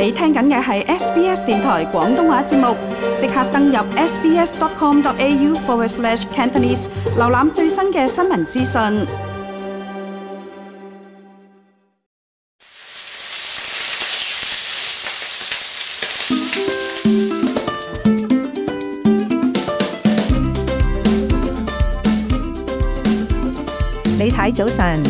你聽緊嘅係 SBS 電台廣東話節目，即刻登入 sbs.com.au/cantonese，瀏覽最新嘅新聞資訊。李太早晨，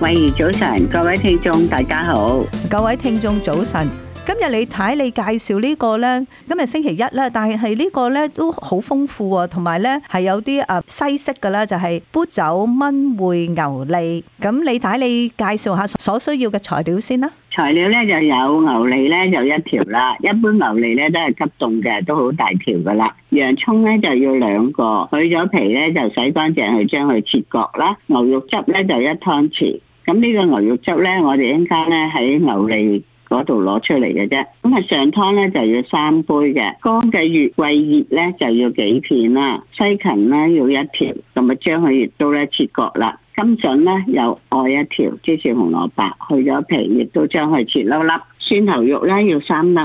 慧怡早晨，各位聽眾大家好，各位聽眾早晨。今日你睇你介紹呢個咧，今日星期一咧，但係呢個咧都好豐富喎，同埋咧係有啲誒西式嘅啦，就係杯酒炆燴牛脷。咁你睇你介紹下所需要嘅材料先啦。材料咧就有牛脷咧就一條啦，一般牛脷咧都係急凍嘅，都好大條嘅啦。洋葱咧就要兩個，去咗皮咧就洗乾淨去將佢切割啦。牛肉汁咧就一湯匙。咁呢個牛肉汁咧，我哋應該咧喺牛脷。嗰度攞出嚟嘅啫，咁啊上湯咧就要三杯嘅，乾嘅月桂葉咧就要幾片啦，西芹咧要一條，咁咪將佢亦都咧切角啦，甘筍咧又愛一條，即係紅蘿蔔去咗皮，亦都將佢切粒粒，蒜頭肉咧要三粒，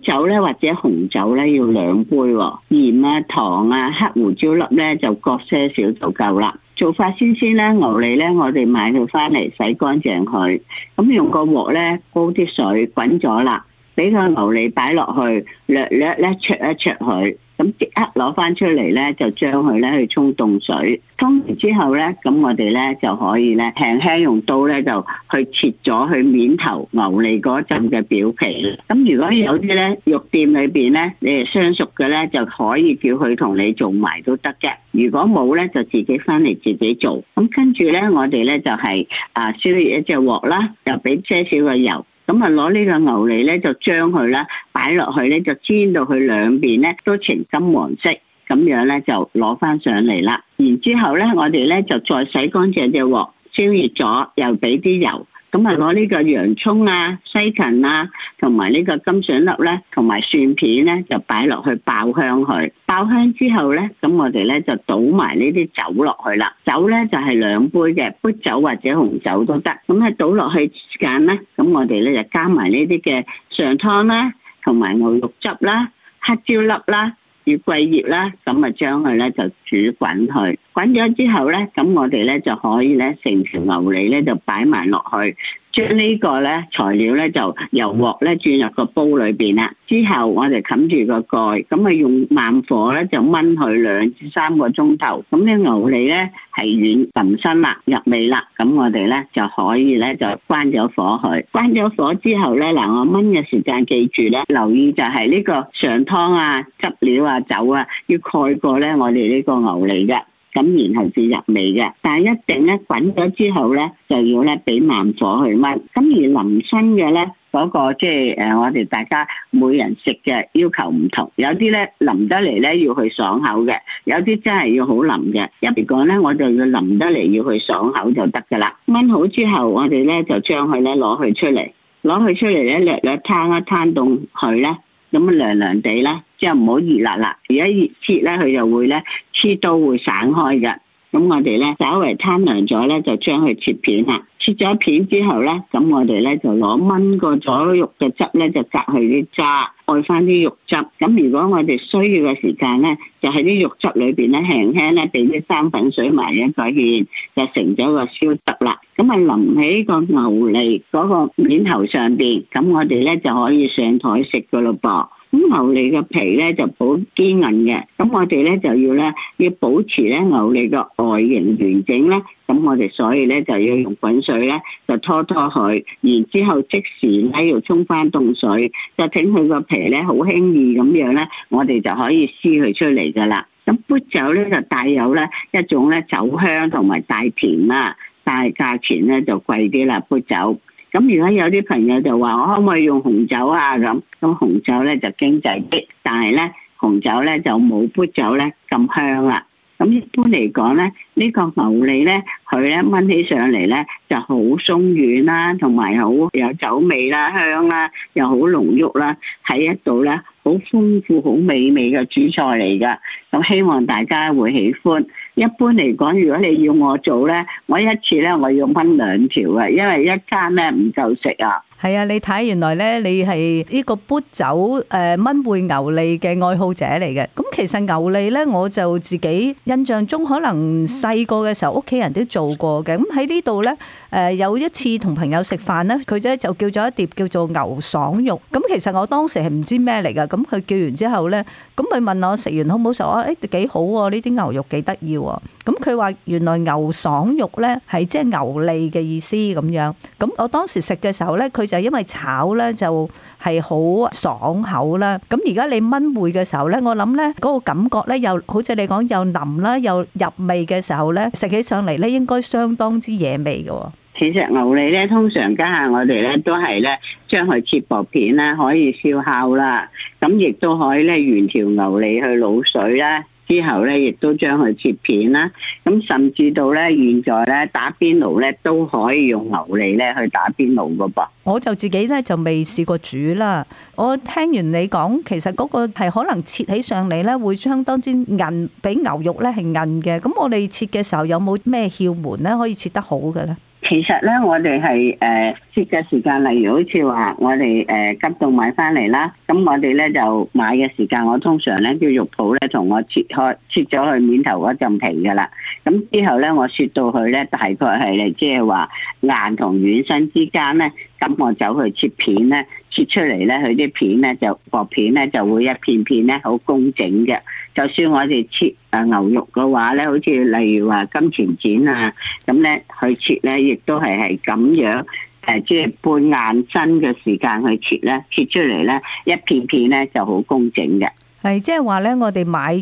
酒咧或者紅酒咧要兩杯喎，鹽啊糖啊黑胡椒粒咧就各些少就夠啦。做法，先先咧，牛脷咧，我哋買到返嚟洗乾淨佢，咁用個鍋咧煲啲水滾咗啦，俾個牛脷擺落去，略略咧灼一灼佢。咁即刻攞翻出嚟咧，就將佢咧去沖凍水，沖完之後咧，咁我哋咧就可以咧輕輕用刀咧就去切咗佢面頭牛脷嗰陣嘅表皮。咁如果有啲咧肉店裏邊咧，你係相熟嘅咧就可以叫佢同你做埋都得嘅。如果冇咧，就自己翻嚟自己做。咁跟住咧，我哋咧就係、是、啊，燒熱一隻鑊啦，又俾些少嘅油。咁啊，攞呢個牛脷呢，就將佢呢擺落去咧，就煎到佢兩邊呢都呈金黃色，咁樣呢，就攞返上嚟啦。然之後咧，我哋咧就再洗乾淨隻鑊，燒熱咗，又俾啲油。咁啊，攞呢個洋葱啊、西芹啊，同埋呢個金筍粒咧，同埋蒜片咧，就擺落去爆香佢。爆香之後咧，咁我哋咧就倒埋呢啲酒落去啦。酒咧就係、是、兩杯嘅，白酒或者紅酒都得。咁喺倒落去時間咧，咁我哋咧就加埋呢啲嘅上湯啦，同埋牛肉汁啦、黑椒粒啦。月桂葉啦，咁啊將佢咧就煮滾佢，滾咗之後咧，咁我哋咧就可以咧成條牛脷咧就擺埋落去。將呢個咧材料咧就由鑊咧轉入個煲裏邊啦。之後我哋冚住個蓋，咁啊用慢火咧就炆佢兩至三個鐘頭。咁啲牛脷咧係軟腍身啦，入味啦。咁我哋咧就可以咧就關咗火佢。關咗火之後咧，嗱我炆嘅時間記住咧，留意就係呢個上湯啊、汁料啊、酒啊，要蓋過咧我哋呢個牛脷嘅。咁然後至入味嘅，但係一定咧滾咗之後咧就要咧俾慢火去燜。咁而淋身嘅咧嗰個即係誒，我哋大家每人食嘅要求唔同，有啲咧淋得嚟咧要去爽口嘅，有啲真係要好淋嘅。入面講咧，我就要淋得嚟要去爽口就得㗎啦。燜好之後，我哋咧就將佢咧攞去出嚟，攞去出嚟咧略略攤一攤凍佢咧。咁啊涼涼地咧，即係唔好熱辣辣。如果熱切咧，佢就會咧切刀會散開嘅。咁我哋咧，稍微攤涼咗咧，就將佢切片啦。切咗片之後咧，咁我哋咧就攞燜過咗肉嘅汁咧，就隔去啲渣，愛翻啲肉汁。咁如果我哋需要嘅時間咧，就喺啲肉汁裏邊咧，輕輕咧俾啲生粉水埋一個芡，就成咗個燒汁啦。咁啊淋喺個牛脷嗰個面頭上邊，咁我哋咧就可以上台食噶啦噃。咁牛脷嘅皮咧就好堅韌嘅，咁我哋咧就要咧要保持咧牛脷嘅外形完整咧，咁我哋所以咧就要用滾水咧就拖拖佢，然之後即時喺度沖翻凍水，就整佢個皮咧好輕易咁樣咧，我哋就可以撕佢出嚟噶啦。咁啤酒咧就帶有咧一種咧酒香同埋帶甜啊。但係價錢咧就貴啲啦，砵酒。咁如果有啲朋友就話，我可唔可以用紅酒啊？咁咁紅酒咧就經濟啲，但係咧紅酒咧就冇砵酒咧咁香啦。咁一般嚟講咧，呢、呢個牛脷咧，佢咧炆起上嚟咧就好鬆軟啦、啊，同埋好有酒味啦、啊、香啦、啊，又好濃郁啦、啊，喺一度咧好豐富、好美味嘅主菜嚟㗎。咁希望大家會喜歡。一般嚟講，如果你要我做呢，我一次呢我要分兩條嘅，因為一間呢唔夠食啊。係啊，你睇原來咧，你係呢個砵酒誒炆燴牛脷嘅愛好者嚟嘅。咁其實牛脷咧，我就自己印象中可能細個嘅時候屋企人都做過嘅。咁喺呢度咧，誒、呃、有一次同朋友食飯咧，佢咧就叫咗一碟叫做牛爽肉。咁其實我當時係唔知咩嚟㗎。咁佢叫完之後咧，咁佢問我食完好唔好食、哎、啊？誒幾好喎，呢啲牛肉幾得意喎。咁佢話原來牛爽肉呢係即係牛脷嘅意思咁樣。咁我當時食嘅時候呢，佢就因為炒呢就係好爽口啦。咁而家你炆燴嘅時候呢，我諗呢嗰個感覺呢，又好似你講又腍啦又入味嘅時候呢，食起上嚟呢應該相當之惹味嘅。其實牛脷呢，通常家下我哋呢都係呢將佢切薄片啦，可以燒烤啦，咁亦都可以呢原條牛脷去滷水啦。之後咧，亦都將佢切片啦。咁甚至到咧，現在咧打邊爐咧都可以用牛脷咧去打邊爐噶噃。我就自己咧就未試過煮啦。我聽完你講，其實嗰個係可能切起上嚟咧會相當之韌，比牛肉咧係韌嘅。咁我哋切嘅時候有冇咩竅門咧，可以切得好嘅咧？其實咧，我哋係誒切嘅時間，例如好似話我哋誒、呃、急凍買翻嚟啦，咁我哋咧就買嘅時間，我通常咧叫肉鋪咧同我切開，切咗去面頭嗰陣皮噶啦，咁之後咧我切到佢咧，大概係即係話硬同軟身之間咧，咁我走去切片咧。切出嚟咧，佢啲片咧就薄片咧就會一片片咧好工整嘅。就算我哋切誒牛肉嘅話咧，好似例如話金錢展啊，咁咧去切咧亦都係係咁樣誒，即係半硬身嘅時間去切咧，切出嚟咧一片片咧就好工整嘅。係即係話咧，我哋買完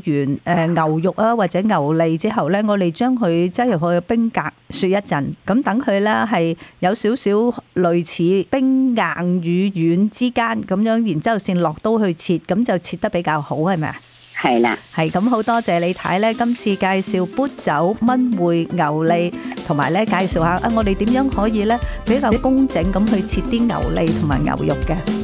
誒牛肉啊或者牛脷之後咧，我哋將佢擠入去冰格雪一陣，咁等佢咧係有少少類似冰硬與軟之間咁樣，然之後先落刀去切，咁就切得比較好係咪啊？係啦，係咁。好多謝李太咧，今次介紹砵酒炆燴牛脷，同埋咧介紹下啊，我哋點樣可以咧比較工整咁去切啲牛脷同埋牛肉嘅。